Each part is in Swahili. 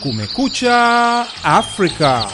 Kumekucha Afrika.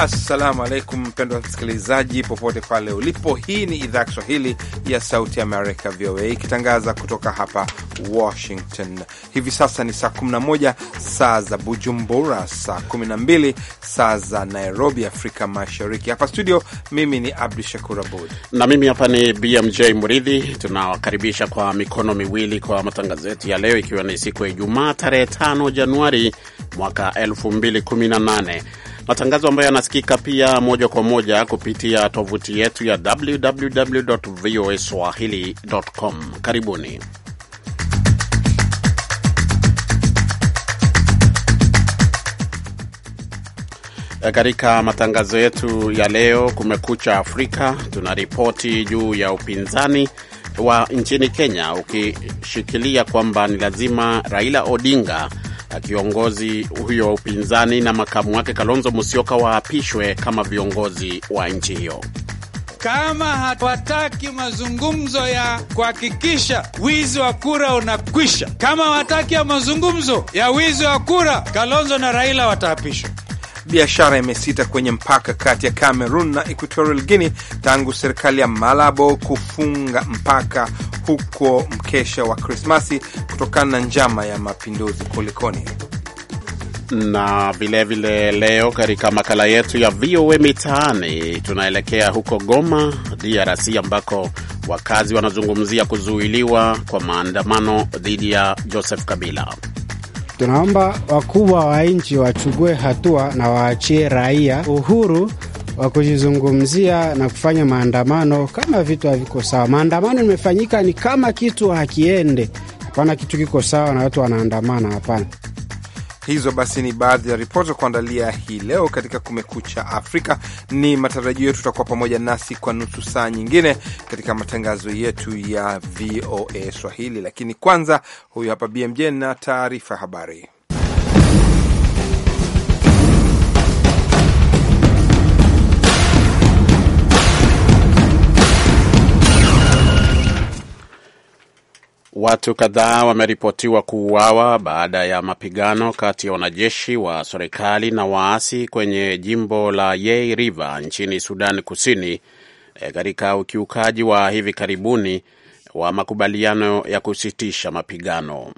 Assalamu alaikum mpendwa msikilizaji, popote pale ulipo. Hii ni idhaa ya Kiswahili ya Sauti Amerika, VOA, ikitangaza kutoka hapa Washington. Hivi sasa ni saa 11 saa za Bujumbura, saa 12 saa za Nairobi, Afrika Mashariki. Hapa studio, mimi ni Abdu Shakur Abud na mimi hapa ni BMJ Muridhi. Tunawakaribisha kwa mikono miwili kwa matangazo yetu ya leo, ikiwa ni siku ya Ijumaa tarehe 5 Januari mwaka 2018 matangazo ambayo yanasikika pia moja kwa moja kupitia tovuti yetu ya www.voaswahili.com. Karibuni. Katika matangazo yetu ya leo, Kumekucha Afrika, tuna ripoti juu ya upinzani wa nchini Kenya ukishikilia kwamba ni lazima Raila Odinga kiongozi huyo wa upinzani na makamu wake Kalonzo Musyoka waapishwe kama viongozi wa nchi hiyo. Kama hawataki mazungumzo ya kuhakikisha wizi wa kura unakwisha, kama hawataki ya mazungumzo ya wizi wa kura, Kalonzo na Raila wataapishwa biashara imesita kwenye mpaka kati ya Cameroon na Equatorial Guinea tangu serikali ya Malabo kufunga mpaka huko mkesha wa Krismasi kutokana na njama ya mapinduzi. Kulikoni na vilevile leo katika makala yetu ya VOA Mitaani tunaelekea huko Goma, DRC, ambako wakazi wanazungumzia kuzuiliwa kwa maandamano dhidi ya Joseph Kabila. Tunaomba wakubwa wa nchi wachukue hatua na waachie raia uhuru wa kujizungumzia na kufanya maandamano kama vitu haviko sawa. Maandamano imefanyika ni kama kitu hakiende. Hapana, kitu kiko sawa na watu wanaandamana, hapana. Hizo basi ni baadhi ya ripoti za kuandalia hii leo katika Kumekucha Afrika. Ni matarajio yetu utakuwa pamoja nasi kwa nusu saa nyingine katika matangazo yetu ya VOA Swahili, lakini kwanza, huyu hapa BMJ na taarifa habari. Watu kadhaa wameripotiwa kuuawa baada ya mapigano kati ya wanajeshi wa serikali na waasi kwenye jimbo la Yei River nchini Sudan Kusini e, katika ukiukaji wa hivi karibuni wa makubaliano ya kusitisha mapigano.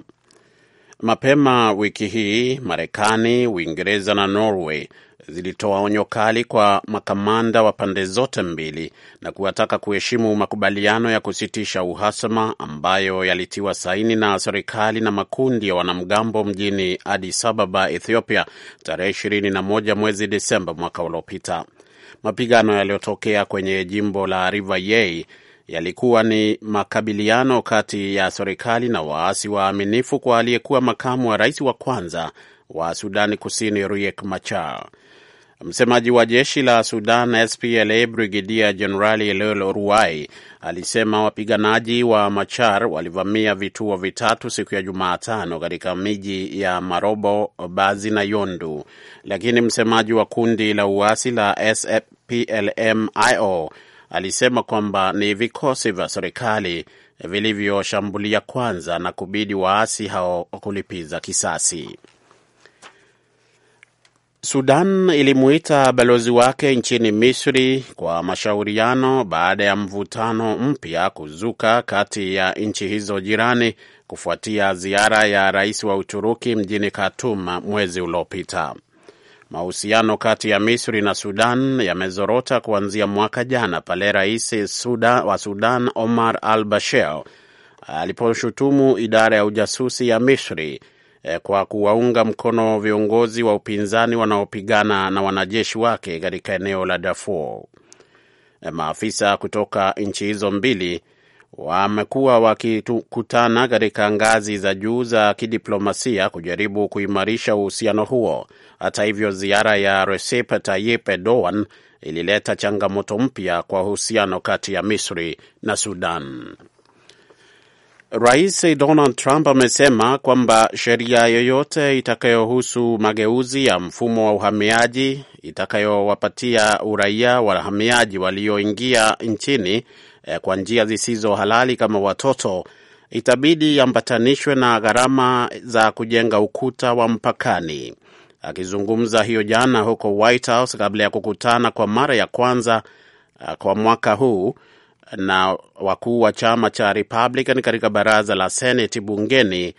Mapema wiki hii Marekani, Uingereza na Norway zilitoa onyo kali kwa makamanda wa pande zote mbili na kuwataka kuheshimu makubaliano ya kusitisha uhasama ambayo yalitiwa saini na serikali na makundi ya wanamgambo mjini Addis Ababa, Ethiopia, tarehe 21 mwezi Desemba mwaka uliopita. Mapigano yaliyotokea kwenye jimbo la Rivayei yalikuwa ni makabiliano kati ya serikali na waasi waaminifu kwa aliyekuwa makamu wa rais wa kwanza wa Sudani Kusini Riek Machar. Msemaji wa jeshi la Sudan SPLA Brigedia Jenerali Lel Ruai alisema wapiganaji wa Machar walivamia vituo vitatu siku ya Jumatano katika miji ya Marobo, Bazi na Yondu, lakini msemaji wa kundi la uasi la splmio alisema kwamba ni vikosi vya serikali vilivyoshambulia kwanza na kubidi waasi hao kulipiza kisasi. Sudan ilimuita balozi wake nchini Misri kwa mashauriano baada ya mvutano mpya kuzuka kati ya nchi hizo jirani kufuatia ziara ya rais wa Uturuki mjini Khartoum mwezi uliopita. Mahusiano kati ya Misri na Sudan yamezorota kuanzia mwaka jana pale rais Suda, wa Sudan Omar al Bashir aliposhutumu idara ya ujasusi ya Misri Eh, kwa kuwaunga mkono viongozi wa upinzani wanaopigana na wanajeshi wake katika eneo la Darfur. Eh, maafisa kutoka nchi hizo mbili wamekuwa wakikutana katika ngazi za juu za kidiplomasia kujaribu kuimarisha uhusiano huo. Hata hivyo, ziara ya Recep Tayyip Erdogan ilileta changamoto mpya kwa uhusiano kati ya Misri na Sudan. Rais Donald Trump amesema kwamba sheria yoyote itakayohusu mageuzi ya mfumo wa uhamiaji itakayowapatia uraia wahamiaji walioingia nchini eh, kwa njia zisizo halali kama watoto itabidi iambatanishwe na gharama za kujenga ukuta wa mpakani. Akizungumza hiyo jana huko White House kabla ya kukutana kwa mara ya kwanza eh, kwa mwaka huu na wakuu wa chama cha Republican katika baraza la Seneti bungeni, eh,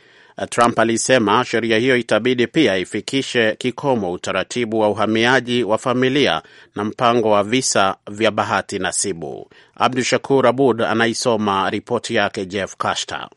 Trump alisema sheria hiyo itabidi pia ifikishe kikomo utaratibu wa uhamiaji wa familia na mpango wa visa vya bahati nasibu. Abdu Shakur Abud anaisoma ripoti yake Jeff Kashta.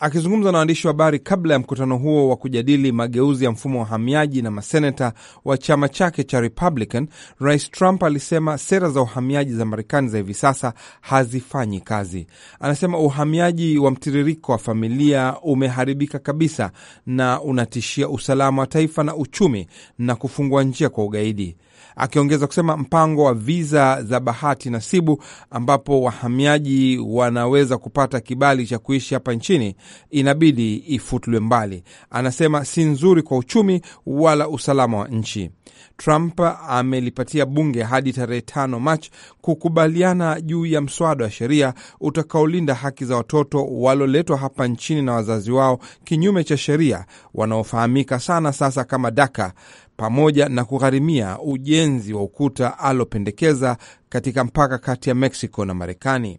Akizungumza na waandishi wa habari kabla ya mkutano huo wa kujadili mageuzi ya mfumo wa uhamiaji na maseneta wa chama chake cha Republican, Rais Trump alisema sera za uhamiaji za Marekani za hivi sasa hazifanyi kazi. Anasema uhamiaji wa mtiririko wa familia umeharibika kabisa na unatishia usalama wa taifa na uchumi na kufungua njia kwa ugaidi akiongeza kusema mpango wa viza za bahati nasibu, ambapo wahamiaji wanaweza kupata kibali cha kuishi hapa nchini, inabidi ifutulwe mbali. Anasema si nzuri kwa uchumi wala usalama wa nchi. Trump amelipatia bunge hadi tarehe 5 Machi kukubaliana juu ya mswada wa sheria utakaolinda haki za watoto walioletwa hapa nchini na wazazi wao kinyume cha sheria, wanaofahamika sana sasa kama daka pamoja na kugharimia ujenzi wa ukuta alopendekeza katika mpaka kati ya Meksiko na Marekani.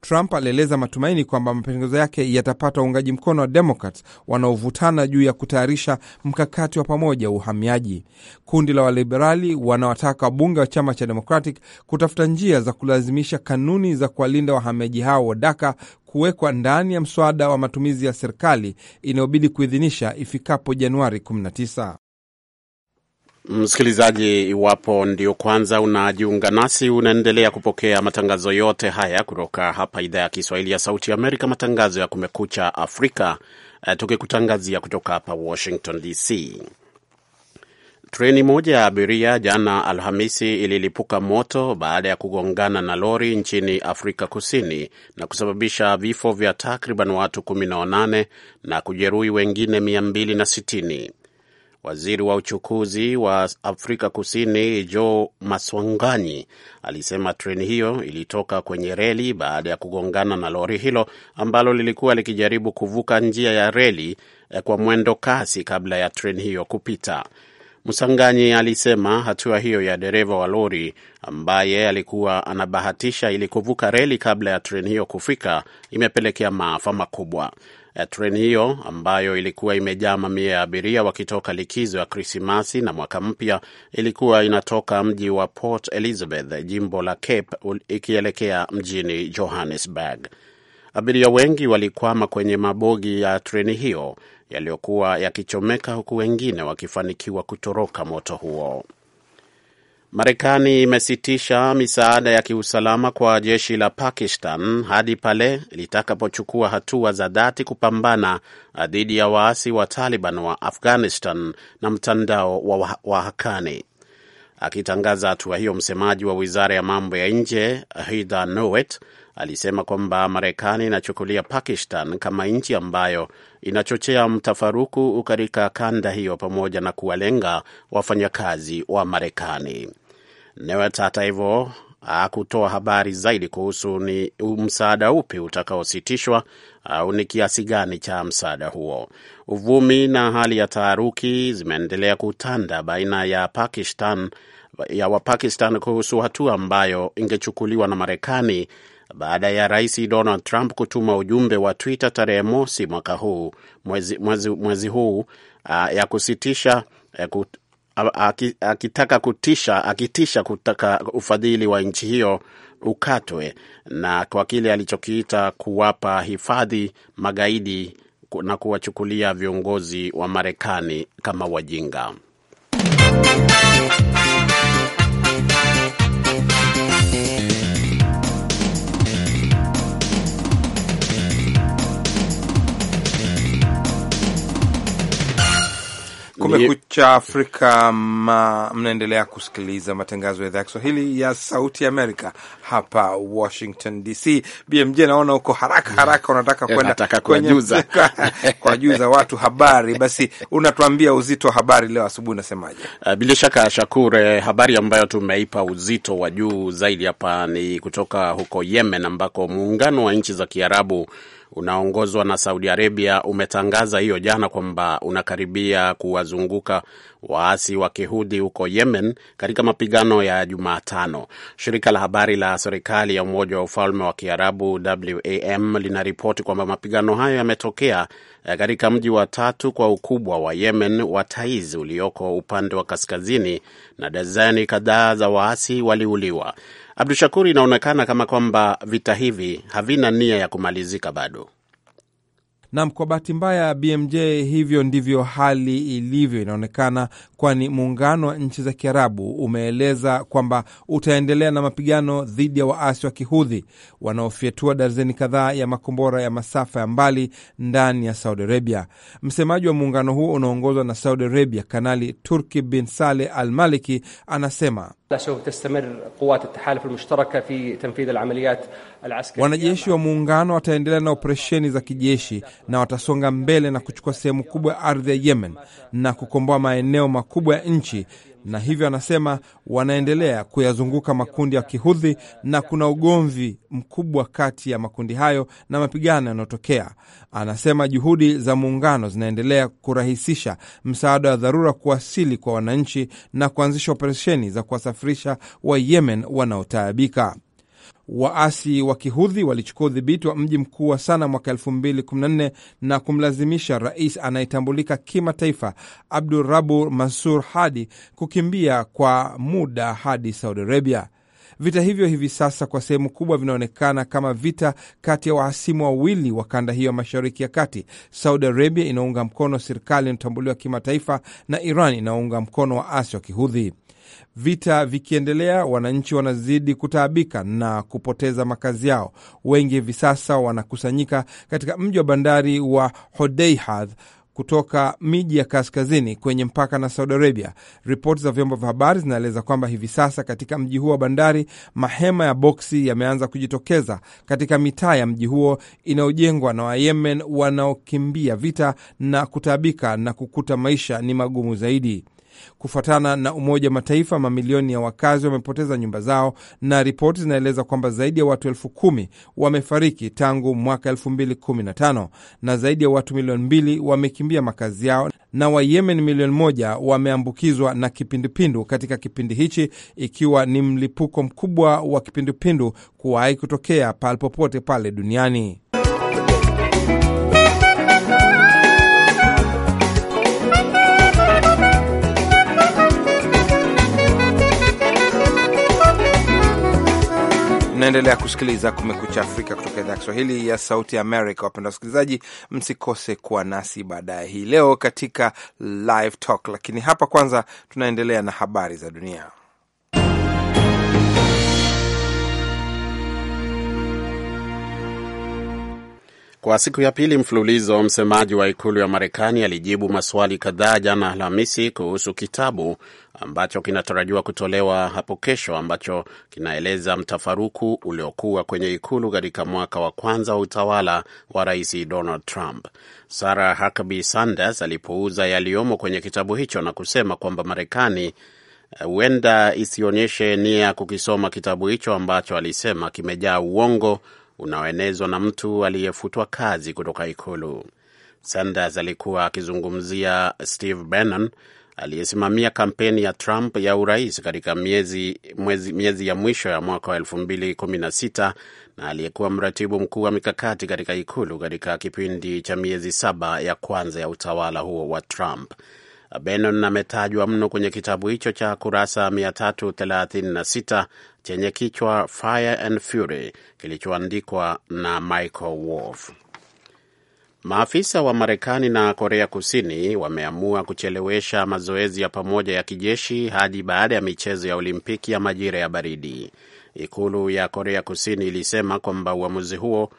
Trump alieleza matumaini kwamba mapendekezo yake yatapata uungaji mkono wa Demokrat wanaovutana juu ya kutayarisha mkakati wa pamoja wa uhamiaji. Kundi la waliberali wanawataka wabunge wa chama cha Democratic kutafuta njia za kulazimisha kanuni za kuwalinda wahamiaji hao wa daka kuwekwa ndani ya mswada wa matumizi ya serikali inayobidi kuidhinisha ifikapo Januari 19. Msikilizaji, iwapo ndio kwanza unajiunga nasi, unaendelea kupokea matangazo yote haya kutoka hapa idhaa ya Kiswahili ya Sauti Amerika, matangazo ya Kumekucha Afrika, eh, tukikutangazia kutoka hapa Washington DC. Treni moja ya abiria jana Alhamisi ililipuka moto baada ya kugongana na lori nchini Afrika Kusini na kusababisha vifo vya takriban watu 18 na kujeruhi wengine 260. Waziri wa uchukuzi wa Afrika Kusini Joe Maswanganyi alisema treni hiyo ilitoka kwenye reli baada ya kugongana na lori hilo ambalo lilikuwa likijaribu kuvuka njia ya reli eh, kwa mwendo kasi kabla ya treni hiyo kupita. Msanganyi alisema hatua hiyo ya dereva wa lori ambaye alikuwa anabahatisha ili kuvuka reli kabla ya treni hiyo kufika imepelekea maafa makubwa. Treni hiyo ambayo ilikuwa imejaa mamia ya abiria wakitoka likizo ya Krismasi na mwaka mpya ilikuwa inatoka mji wa Port Elizabeth, jimbo la Cape, ikielekea mjini Johannesburg. Abiria wengi walikwama kwenye mabogi ya treni hiyo yaliyokuwa yakichomeka, huku wengine wakifanikiwa kutoroka moto huo. Marekani imesitisha misaada ya kiusalama kwa jeshi la Pakistan hadi pale litakapochukua hatua za dhati kupambana uh, dhidi ya waasi wa Taliban wa Afghanistan na mtandao wa wahakani. Akitangaza hatua hiyo, msemaji wa wizara ya mambo ya nje Hida uh, nowet alisema kwamba Marekani inachukulia Pakistan kama nchi ambayo inachochea mtafaruku katika kanda hiyo pamoja na kuwalenga wafanyakazi wa Marekani. Newet hata hivyo hakutoa habari zaidi kuhusu ni msaada upi utakaositishwa au ni kiasi gani cha msaada huo. Uvumi na hali ya taharuki zimeendelea kutanda baina ya Pakistan ya Wapakistan kuhusu hatua ambayo ingechukuliwa na Marekani baada ya Rais Donald Trump kutuma ujumbe wa Twitter tarehe mosi mwaka huu mwezi, mwezi, mwezi huu uh, ya kusitisha eh, akitaka kutisha, akitisha kutaka ufadhili wa nchi hiyo ukatwe na kwa kile alichokiita kuwapa hifadhi magaidi na kuwachukulia viongozi wa Marekani kama wajinga. Kumekucha Afrika ma, mnaendelea kusikiliza matangazo ya idhaa ya Kiswahili ya Sauti ya Amerika hapa Washington DC. BMJ, naona uko haraka haraka, unataka kwenda kwa watu habari. Basi unatuambia uzito wa habari leo asubuhi unasemaje? Uh, bila shaka Shakur, eh, habari ambayo tumeipa uzito wa juu zaidi hapa ni kutoka huko Yemen ambako muungano wa nchi za Kiarabu unaoongozwa na Saudi Arabia umetangaza hiyo jana kwamba unakaribia kuwazunguka waasi wa kihudi huko Yemen katika mapigano ya Jumatano. Shirika la habari la serikali ya Umoja wa Ufalme wa Kiarabu WAM linaripoti kwamba mapigano hayo yametokea eh, katika mji wa tatu kwa ukubwa wa Yemen wa Taiz ulioko upande wa kaskazini, na dazani kadhaa za waasi waliuliwa. Abdu Shakur, inaonekana kama kwamba vita hivi havina nia ya kumalizika bado. Nam, kwa bahati mbaya ya BMJ, hivyo ndivyo hali ilivyo inaonekana, kwani muungano wa nchi za Kiarabu umeeleza kwamba utaendelea na mapigano dhidi ya waasi wa Kihudhi wanaofyatua darzeni kadhaa ya makombora ya masafa ya mbali ndani ya Saudi Arabia. Msemaji wa muungano huo unaoongozwa na Saudi Arabia, Kanali Turki bin Saleh Al Maliki, anasema سوف تستمر قوات التحالف المشتركة في تنفيذ العمليات Wanajeshi wa muungano wataendelea na operesheni za kijeshi na watasonga mbele na kuchukua sehemu kubwa ya ardhi ya Yemen na kukomboa maeneo makubwa ya nchi na hivyo anasema wanaendelea kuyazunguka makundi ya Kihudhi na kuna ugomvi mkubwa kati ya makundi hayo na mapigano yanayotokea. Anasema juhudi za muungano zinaendelea kurahisisha msaada wa dharura kuwasili kwa wananchi na kuanzisha operesheni za kuwasafirisha wa Yemen wanaotaabika. Waasi wa kihudhi walichukua udhibiti wa mji mkuu wa Sana mwaka 2014 na kumlazimisha rais anayetambulika kimataifa Abdurabu Mansur Hadi kukimbia kwa muda hadi Saudi Arabia. Vita hivyo hivi sasa kwa sehemu kubwa vinaonekana kama vita kati ya wahasimu wawili wa kanda hiyo ya mashariki ya kati. Saudi Arabia inaunga mkono serikali inayotambuliwa kimataifa na Iran inaunga mkono waasi wa kihudhi. Vita vikiendelea, wananchi wanazidi kutaabika na kupoteza makazi yao. Wengi hivi sasa wanakusanyika katika mji wa bandari wa Hodeidah kutoka miji ya kaskazini kwenye mpaka na Saudi Arabia. Ripoti za vyombo vya habari zinaeleza kwamba hivi sasa katika mji huo wa bandari, mahema ya boksi yameanza kujitokeza katika mitaa ya mji huo inayojengwa na Wayemen wanaokimbia vita na kutaabika na kukuta maisha ni magumu zaidi. Kufuatana na Umoja wa Mataifa, mamilioni ya wakazi wamepoteza nyumba zao na ripoti zinaeleza kwamba zaidi ya watu elfu kumi wamefariki tangu mwaka 2015 na zaidi ya watu milioni mbili wamekimbia makazi yao na Wayemen milioni moja wameambukizwa na kipindupindu katika kipindi hichi, ikiwa ni mlipuko mkubwa wa kipindupindu kuwahi kutokea pale popote pale duniani. naendelea kusikiliza Kumekucha Afrika kutoka idhaa ya Kiswahili ya Sauti Amerika. Wapenda wasikilizaji, msikose kuwa nasi baadaye hii leo katika Live Talk, lakini hapa kwanza tunaendelea na habari za dunia. Kwa siku ya pili mfululizo, msemaji wa ikulu ya Marekani alijibu maswali kadhaa jana Alhamisi kuhusu kitabu ambacho kinatarajiwa kutolewa hapo kesho, ambacho kinaeleza mtafaruku uliokuwa kwenye ikulu katika mwaka wa kwanza wa utawala wa Rais Donald Trump. Sarah Huckabee Sanders alipuuza yaliyomo kwenye kitabu hicho na kusema kwamba Marekani eh, huenda isionyeshe nia ya kukisoma kitabu hicho ambacho alisema kimejaa uongo unaoenezwa na mtu aliyefutwa kazi kutoka ikulu. Sanders alikuwa akizungumzia Steve Bannon aliyesimamia kampeni ya Trump ya urais katika miezi, mwezi, miezi ya mwisho ya mwaka wa e216 na aliyekuwa mratibu mkuu wa mikakati katika ikulu katika kipindi cha miezi saba ya kwanza ya utawala huo wa Trump. Bannon ametajwa mno kwenye kitabu hicho cha kurasa 336 chenye kichwa Fire and Fury kilichoandikwa na Michael Wolf. Maafisa wa Marekani na Korea Kusini wameamua kuchelewesha mazoezi ya pamoja ya kijeshi hadi baada ya michezo ya Olimpiki ya majira ya baridi. Ikulu ya Korea Kusini ilisema kwamba uamuzi huo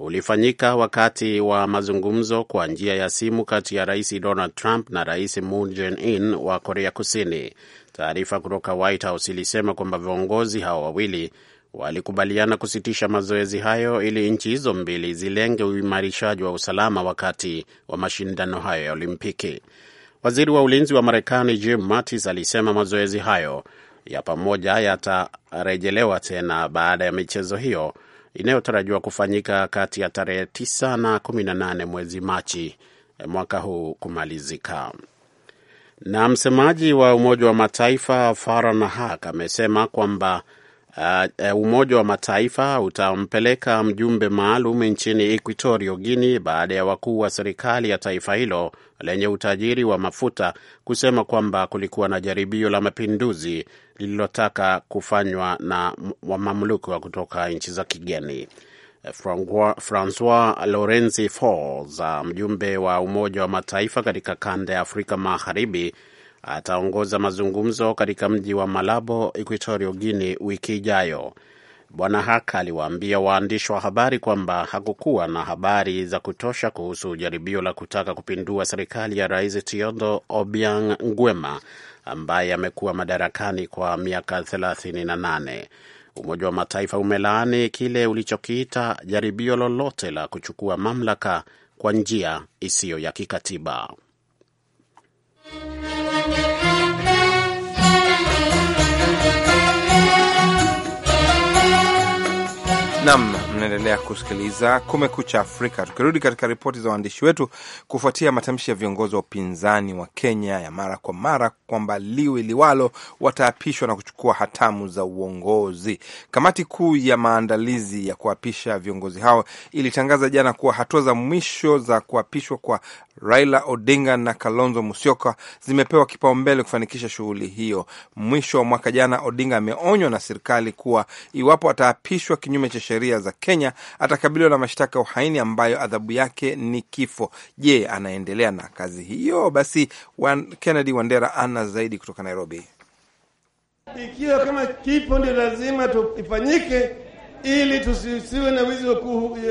ulifanyika wakati wa mazungumzo kwa njia ya simu kati ya Rais Donald Trump na Rais Moon Jae-in wa Korea Kusini. Taarifa kutoka White House ilisema kwamba viongozi hao wawili walikubaliana kusitisha mazoezi hayo ili nchi hizo mbili zilenge uimarishaji wa usalama wakati wa mashindano hayo ya Olimpiki. Waziri wa ulinzi wa Marekani Jim Mattis alisema mazoezi hayo ya pamoja yatarejelewa tena baada ya michezo hiyo inayotarajiwa kufanyika kati ya tarehe 9 na 18 mwezi Machi eh, mwaka huu kumalizika. Na msemaji wa Umoja wa Mataifa Farhan Haq amesema kwamba Uh, uh, Umoja wa Mataifa utampeleka mjumbe maalum nchini Equatorio Guini baada ya wakuu wa serikali ya taifa hilo lenye utajiri wa mafuta kusema kwamba kulikuwa na jaribio la mapinduzi lililotaka kufanywa na wamamluki wa kutoka nchi za kigeni. Uh, Francois Lorenzi Falls, uh, mjumbe wa Umoja wa Mataifa katika kanda ya Afrika Magharibi ataongoza mazungumzo katika mji wa Malabo, Equatorio Guinea, wiki ijayo. Bwana Hak aliwaambia waandishi wa habari kwamba hakukuwa na habari za kutosha kuhusu jaribio la kutaka kupindua serikali ya Rais Tiodo Obiang Nguema ambaye amekuwa madarakani kwa miaka 38. Umoja wa Mataifa umelaani kile ulichokiita jaribio lolote la kuchukua mamlaka kwa njia isiyo ya kikatiba. Nam, mnaendelea kusikiliza Kumekucha Afrika. Tukirudi katika ripoti za waandishi wetu, kufuatia matamshi ya viongozi wa upinzani wa Kenya ya mara kwa mara kwamba liwe liwalo wataapishwa na kuchukua hatamu za uongozi, kamati kuu ya maandalizi ya kuapisha viongozi hao ilitangaza jana kuwa hatua za mwisho za kuapishwa kwa Raila Odinga na Kalonzo Musyoka zimepewa kipaumbele kufanikisha shughuli hiyo. Mwisho wa mwaka jana, Odinga ameonywa na serikali kuwa iwapo ataapishwa kinyume cha sheria za Kenya atakabiliwa na mashtaka ya uhaini ambayo adhabu yake ni kifo. Je, anaendelea na kazi hiyo? Basi wan, Kennedy Wandera ana zaidi kutoka Nairobi. Ikiwa kama kifo ndio lazima ifanyike ili tusisiwe na wizi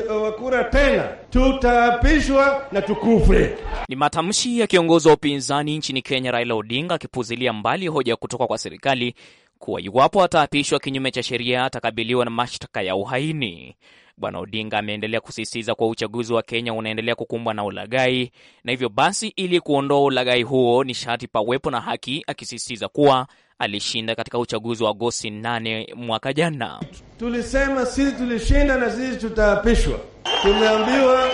wa kura tena, tutaapishwa na tukufe Ni matamshi ya kiongozi wa upinzani nchini Kenya Raila Odinga akipuzilia mbali hoja kutoka kwa serikali kuwa iwapo ataapishwa kinyume cha sheria atakabiliwa na mashtaka ya uhaini. Bwana Odinga ameendelea kusisitiza kuwa uchaguzi wa Kenya unaendelea kukumbwa na ulaghai, na hivyo basi, ili kuondoa ulaghai huo ni sharti pawepo na haki, akisisitiza kuwa alishinda katika uchaguzi wa Agosti 8 mwaka jana. Tulisema sisi tulishinda na sisi tutaapishwa. Tumeambiwa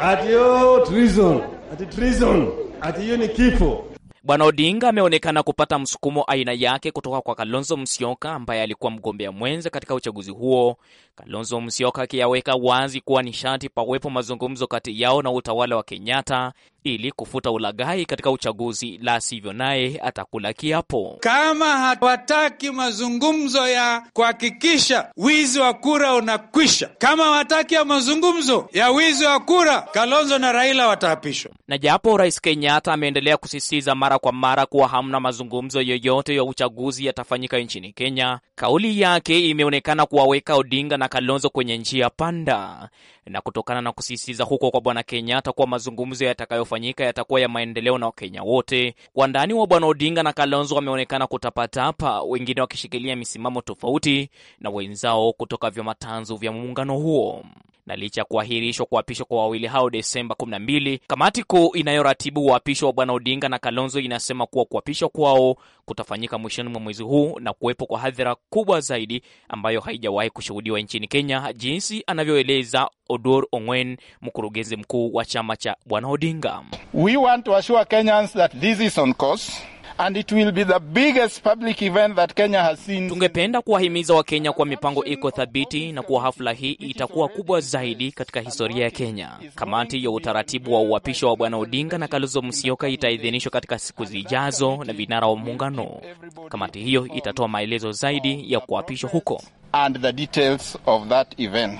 ati oh, treason, ati treason, ati hiyo ni kifo. Bwana Odinga ameonekana kupata msukumo aina yake kutoka kwa Kalonzo Musyoka ambaye alikuwa mgombea mwenza katika uchaguzi huo, Kalonzo Musyoka akiyaweka wazi kuwa nishati pawepo mazungumzo kati yao na utawala wa Kenyatta ili kufuta ulaghai katika uchaguzi, la sivyo naye atakula kiapo. Kama hawataki mazungumzo ya kuhakikisha wizi wa kura unakwisha, kama hawataki ya mazungumzo ya wizi wa kura, Kalonzo na Raila wataapishwa. Na japo Rais Kenyatta ameendelea kusisitiza mara mara kwa mara kuwa hamna mazungumzo yoyote ya uchaguzi yatafanyika nchini Kenya. Kauli yake imeonekana kuwaweka Odinga na Kalonzo kwenye njia panda, na kutokana na kusisitiza huko kwa Bwana Kenyatta kuwa mazungumzo yatakayofanyika yatakuwa ya maendeleo na Wakenya wote, wandani wa Bwana Odinga na Kalonzo wameonekana kutapatapa, wengine wakishikilia misimamo tofauti na wenzao kutoka vyama tanzu vya muungano huo na licha ya kuahirishwa kuapishwa kwa wawili hao Desemba 12, kamati kuu inayoratibu uapisho wa Bwana Odinga na Kalonzo inasema kuwa kuapishwa kwao kutafanyika mwishoni mwa mwezi huu na kuwepo kwa hadhira kubwa zaidi ambayo haijawahi kushuhudiwa nchini Kenya, jinsi anavyoeleza odor Ongwen, mkurugenzi mkuu wa chama cha Bwana Odinga. We want to assure Kenyans that this is on course and it will be the biggest public event that Kenya has seen. Tungependa kuwahimiza Wakenya kuwa mipango iko thabiti na kuwa hafla hii itakuwa kubwa zaidi katika historia ya Kenya. Kamati ya utaratibu wa uapisho wa Bwana Odinga na Kalonzo Musyoka itaidhinishwa katika siku zijazo na vinara wa muungano. Kamati hiyo itatoa maelezo zaidi ya kuapishwa huko and the details of that event.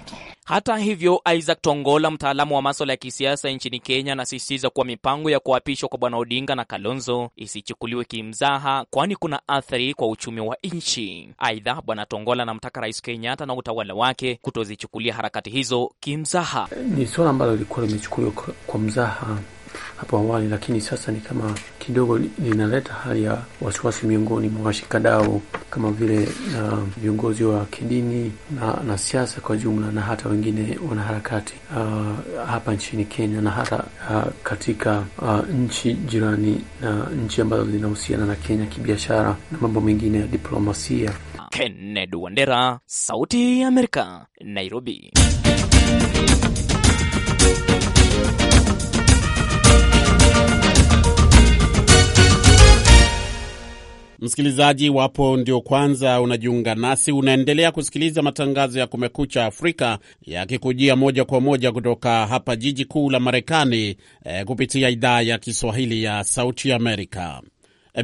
Hata hivyo, Isaac Tongola, mtaalamu wa maswala ya kisiasa nchini Kenya, anasisitiza kuwa mipango ya kuapishwa kwa bwana Odinga na Kalonzo isichukuliwe kimzaha, kwani kuna athari kwa uchumi wa nchi. Aidha, bwana Tongola anamtaka Rais Kenyatta na utawala wake kutozichukulia harakati hizo kimzaha. Ni suala ambalo lilikuwa limechukuliwa kwa mzaha hapo awali, lakini sasa ni kama kidogo linaleta hali ya wasiwasi miongoni mwa washikadau kama vile viongozi uh, wa kidini na, na siasa kwa jumla na hata wengine wanaharakati uh, hapa nchini Kenya na hata uh, katika uh, nchi jirani na nchi ambazo zinahusiana na Kenya kibiashara na mambo mengine ya diplomasia. Kennedy Wandera, Sauti ya Amerika, Nairobi. Msikilizaji wapo ndio kwanza unajiunga nasi, unaendelea kusikiliza matangazo ya Kumekucha Afrika yakikujia moja kwa moja kutoka hapa jiji kuu la Marekani eh, kupitia idhaa ya Kiswahili ya Sauti Amerika.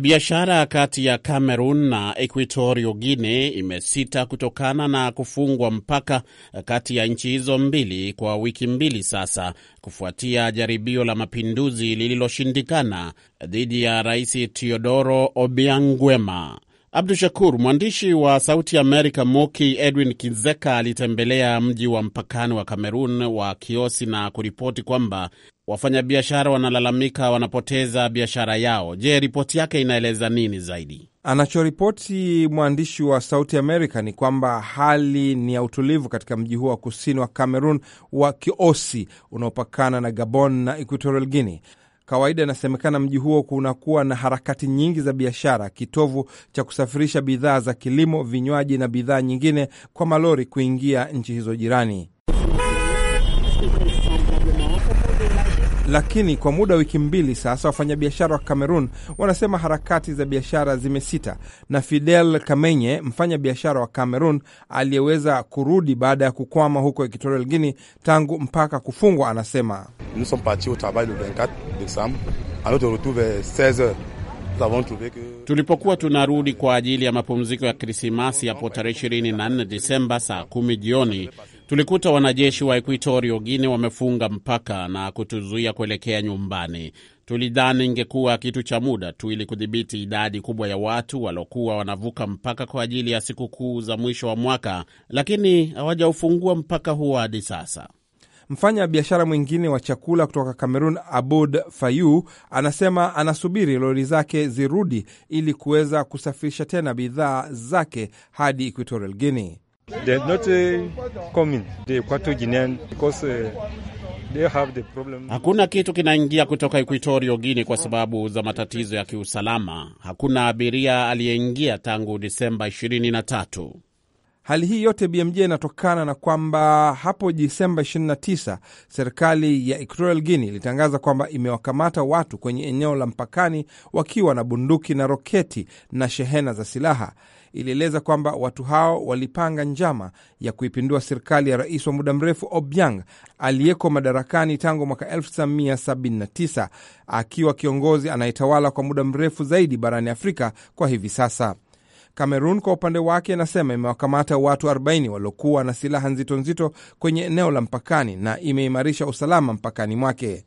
Biashara kati ya Cameroon na Equatorial Guinea imesita kutokana na kufungwa mpaka kati ya nchi hizo mbili kwa wiki mbili sasa, kufuatia jaribio la mapinduzi lililoshindikana dhidi ya Rais Teodoro obiangwema Abdu Shakur, mwandishi wa Sauti Amerika Moki Edwin Kinzeka alitembelea mji wa mpakani wa cameron wa Kiosi na kuripoti kwamba wafanyabiashara wanalalamika wanapoteza biashara yao. Je, ripoti yake inaeleza nini zaidi? Anachoripoti mwandishi wa Sauti Amerika ni kwamba hali ni ya utulivu katika mji huo wa kusini wa cameron wa Kiosi unaopakana na Gabon na Equatorial Guinea. Kawaida inasemekana mji huo kunakuwa na harakati nyingi za biashara, kitovu cha kusafirisha bidhaa za kilimo, vinywaji na bidhaa nyingine kwa malori kuingia nchi hizo jirani. Lakini kwa muda wa wiki mbili sasa, wafanyabiashara wa Kamerun wanasema harakati za biashara zimesita, na Fidel Kamenye, mfanya biashara wa Kamerun aliyeweza kurudi baada ya kukwama huko Ekitorial Guini tangu mpaka kufungwa, anasema Tulipokuwa tunarudi kwa ajili ya mapumziko ya Krismasi hapo tarehe 24 Disemba saa kumi jioni, Tulikuta wanajeshi wa Equatorio Guine wamefunga mpaka na kutuzuia kuelekea nyumbani. Tulidhani ingekuwa kitu cha muda tu ili kudhibiti idadi kubwa ya watu waliokuwa wanavuka mpaka kwa ajili ya sikukuu za mwisho wa mwaka, lakini hawajaufungua mpaka huo hadi sasa. Mfanya biashara mwingine wa chakula kutoka Kamerun, Abud Fayu, anasema anasubiri lori zake zirudi ili kuweza kusafirisha tena bidhaa zake hadi Equatorial Guinea. Uh, uh, Hakuna kitu kinaingia kutoka Equatorial Guinea kwa sababu za matatizo ya kiusalama. Hakuna abiria aliyeingia tangu Disemba 23. Hali hii yote BMJ inatokana na kwamba hapo Disemba 29 serikali ya Equatorial Guinea ilitangaza kwamba imewakamata watu kwenye eneo la mpakani wakiwa na bunduki na roketi na shehena za silaha ilieleza kwamba watu hao walipanga njama ya kuipindua serikali ya rais wa muda mrefu Obiang aliyeko madarakani tangu mwaka 1979 akiwa kiongozi anayetawala kwa muda mrefu zaidi barani Afrika kwa hivi sasa. Kamerun kwa upande wake inasema imewakamata watu 40 waliokuwa na silaha nzito nzito kwenye eneo la mpakani na imeimarisha usalama mpakani mwake.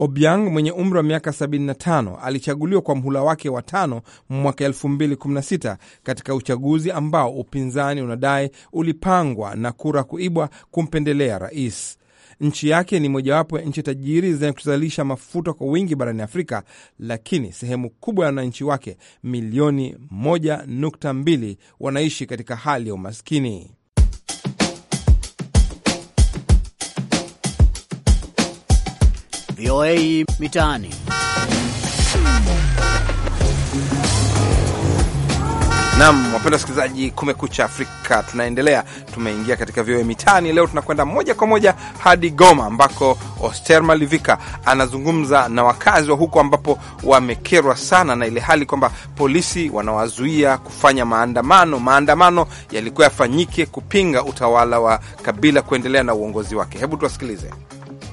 Obiang mwenye umri wa miaka 75 alichaguliwa kwa mhula wake wa tano mwaka 2016 katika uchaguzi ambao upinzani unadai ulipangwa na kura kuibwa kumpendelea rais. Nchi yake ni mojawapo ya nchi tajiri zenye kuzalisha mafuta kwa wingi barani Afrika, lakini sehemu kubwa ya wananchi wake milioni 1.2 wanaishi katika hali ya umaskini. VOA Mitaani. Nam, wapenda wasikilizaji, Kumekucha Afrika tunaendelea. Tumeingia katika VOA Mitaani. Leo tunakwenda moja kwa moja hadi Goma, ambako Oster Malivika anazungumza na wakazi wa huko, ambapo wamekerwa sana na ile hali kwamba polisi wanawazuia kufanya maandamano. Maandamano yalikuwa yafanyike kupinga utawala wa Kabila kuendelea na uongozi wake. Hebu tuwasikilize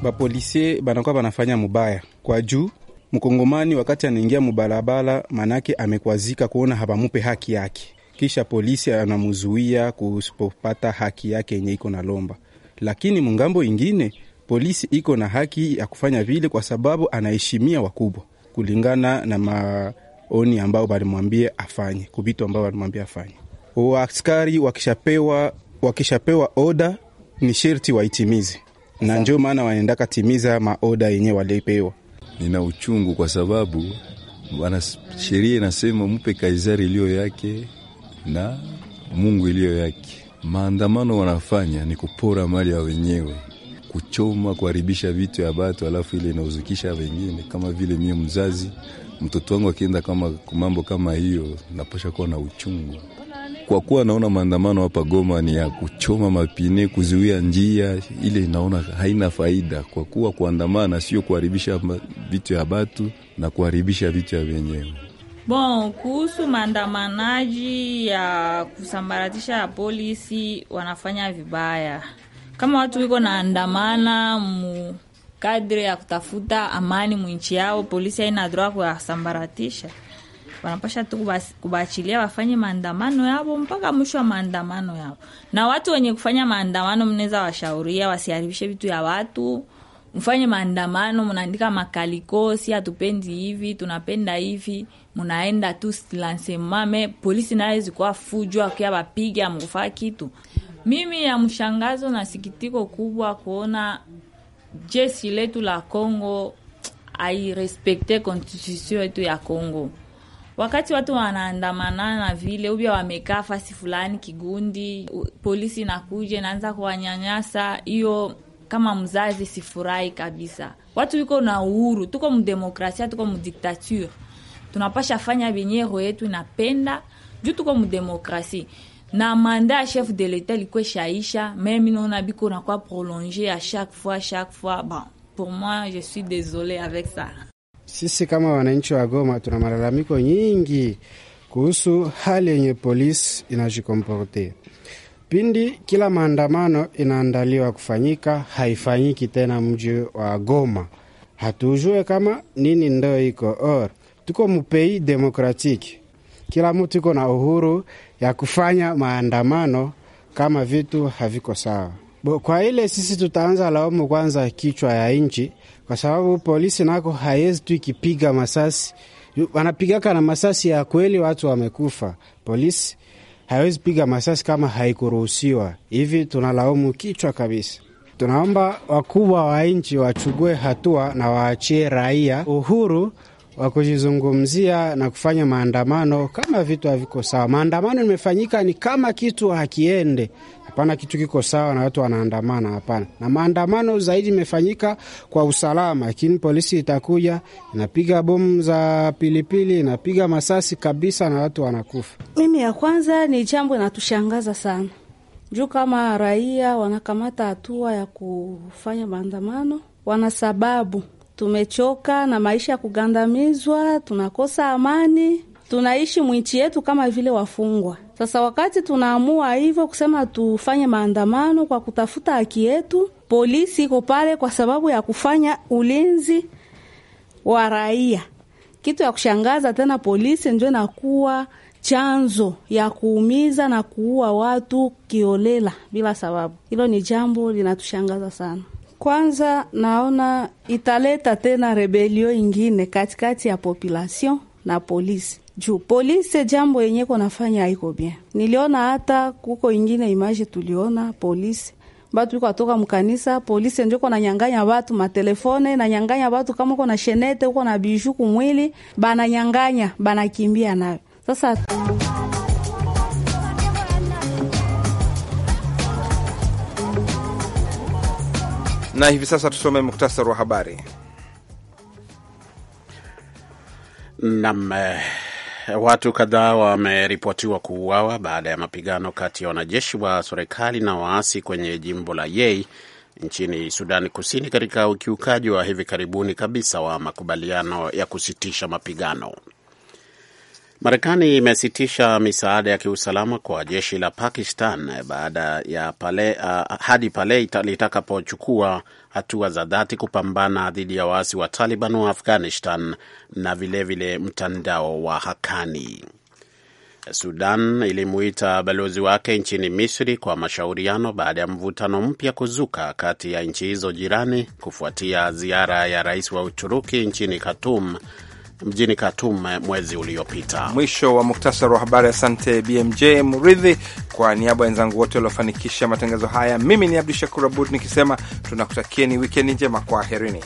bapolisie banakuwa banafanya mubaya kwa juu mkongomani wakati anaingia mubalabala, manake amekwazika kuona hapamupe haki yake, kisha polisi anamuzuia kusipopata haki yake yenye iko na lomba. Lakini mungambo ingine polisi iko na haki ya kufanya vile, kwa sababu anaheshimia wakubwa kulingana na maoni ambao balimwambia afanye, kuvitu ambao balimwambia afanye. Waaskari wakishapewa, wakishapewa oda ni sherti waitimize na njo maana wanaendaka timiza maoda yenye walipewa. Nina uchungu kwa sababu bwana sheria inasema mpe Kaisari iliyo yake na Mungu iliyo yake. Maandamano wanafanya ni kupora mali ya wenyewe, kuchoma, kuharibisha vitu ya batu, alafu ile inahuzukisha wengine. Kama vile mie mzazi, mtoto wangu akienda kama mambo kama hiyo, napasha kuwa na uchungu kwa kuwa naona maandamano hapa Goma ni ya kuchoma mapine, kuzuia njia ile, inaona haina faida, kwa kuwa kuandamana sio kuharibisha vitu ya batu na kuharibisha vitu ya wenyewe. Bon, kuhusu maandamanaji ya kusambaratisha polisi, wanafanya vibaya. Kama watu wiko naandamana mu kadri ya kutafuta amani mwinchi yao, polisi haina droit kuwasambaratisha wanapasha tu kubaachilia wafanye maandamano yao mpaka mwisho wa maandamano yao. Na watu wenye kufanya maandamano, mnaweza washauria wasiharibishe vitu ya watu, mfanye maandamano, mnaandika makaliko, si hatupendi hivi, tunapenda hivi, mnaenda tu lansemame, Polisi nayo zikuwa fujwa kia wapiga amkufaa kitu. Mimi ya mshangazo na sikitiko kubwa kuona jeshi letu la Congo airespekte konstitution yetu ya Congo. Wakati watu wanaandamanana vile upya, wamekaa fasi fulani kigundi, polisi nakuja naanza kuwanyanyasa, hiyo kama mzazi sifurahi kabisa. Watu iko na uhuru, tuko mdemokrasia, tuko mdiktature, tunapasha fanya vinyeho yetu inapenda juu tuko mdemokrasi na manda ya chef de l'etat likwe shaisha, meme naona biko nakwa prolonge a chaque fois chaque fois. Bon, pour moi je suis désolé avec ça. Sisi kama wananchi wa Goma tuna malalamiko nyingi kuhusu hali yenye polisi inajikomporte pindi kila maandamano inaandaliwa kufanyika, haifanyiki tena mji wa Goma. Hatujue kama nini ndo iko or tuko mupei demokratiki, kila mtu iko na uhuru ya kufanya maandamano kama vitu haviko sawa. Bo, kwa ile sisi tutaanza laumu kwanza kichwa ya nchi kwa sababu polisi nako haiwezi tu ikipiga masasi, wanapigaka na masasi ya kweli, watu wamekufa. Polisi haiwezi piga masasi kama haikuruhusiwa hivi. Tunalaumu kichwa kabisa. Tunaomba wakubwa wa nchi wachukue hatua na waachie raia uhuru wa kujizungumzia na kufanya maandamano kama vitu haviko sawa. Maandamano imefanyika ni kama kitu hakiende, hapana kitu kiko sawa na watu wanaandamana, hapana. Na maandamano zaidi imefanyika kwa usalama, lakini polisi itakuja inapiga bomu za pilipili, inapiga masasi kabisa, na watu wanakufa. Mimi ya kwanza ni jambo inatushangaza sana juu kama raia wanakamata hatua ya kufanya maandamano, wana sababu. Tumechoka na maisha ya kugandamizwa, tunakosa amani, tunaishi mwinchi yetu kama vile wafungwa. Sasa wakati tunaamua hivyo kusema tufanye maandamano kwa kutafuta haki yetu, polisi iko pale kwa sababu ya kufanya ulinzi wa raia. Kitu ya kushangaza tena, polisi ndio inakuwa chanzo ya kuumiza na kuua watu kiolela bila sababu. Hilo ni jambo linatushangaza sana. Kwanza naona italeta tena rebelio ingine katikati ya population na polisi juu polisi jambo yenye konafanya haiko bien. Niliona hata kuko ingine image tuliona polisi batu iko atoka mkanisa, polisi ndio kona nyanganya batu matelefone, na nyanganya batu kama na shenete uko na biju kumwili, bana nyanganya bana kimbia nayo sasa na hivi sasa tusome muktasari wa habari nam eh, Watu kadhaa wameripotiwa kuuawa baada ya mapigano kati ya wanajeshi wa serikali na waasi kwenye jimbo la Yei nchini Sudani Kusini, katika ukiukaji wa hivi karibuni kabisa wa makubaliano ya kusitisha mapigano. Marekani imesitisha misaada ya kiusalama kwa jeshi la Pakistan baada ya pale, uh, hadi pale litakapochukua hatua za dhati kupambana dhidi ya waasi wa Taliban wa Afghanistan na vilevile vile mtandao wa Hakani. Sudan ilimuita balozi wake nchini Misri kwa mashauriano baada ya mvutano mpya kuzuka kati ya nchi hizo jirani kufuatia ziara ya rais wa Uturuki nchini Khartoum mjini Khartoum mwezi uliopita. Mwisho wa muktasari wa habari. Asante BMJ Muridhi, kwa niaba ya wenzangu wote waliofanikisha matangazo haya, mimi ni Abdu Shakur Abud nikisema tunakutakieni wikendi njema, kwaherini.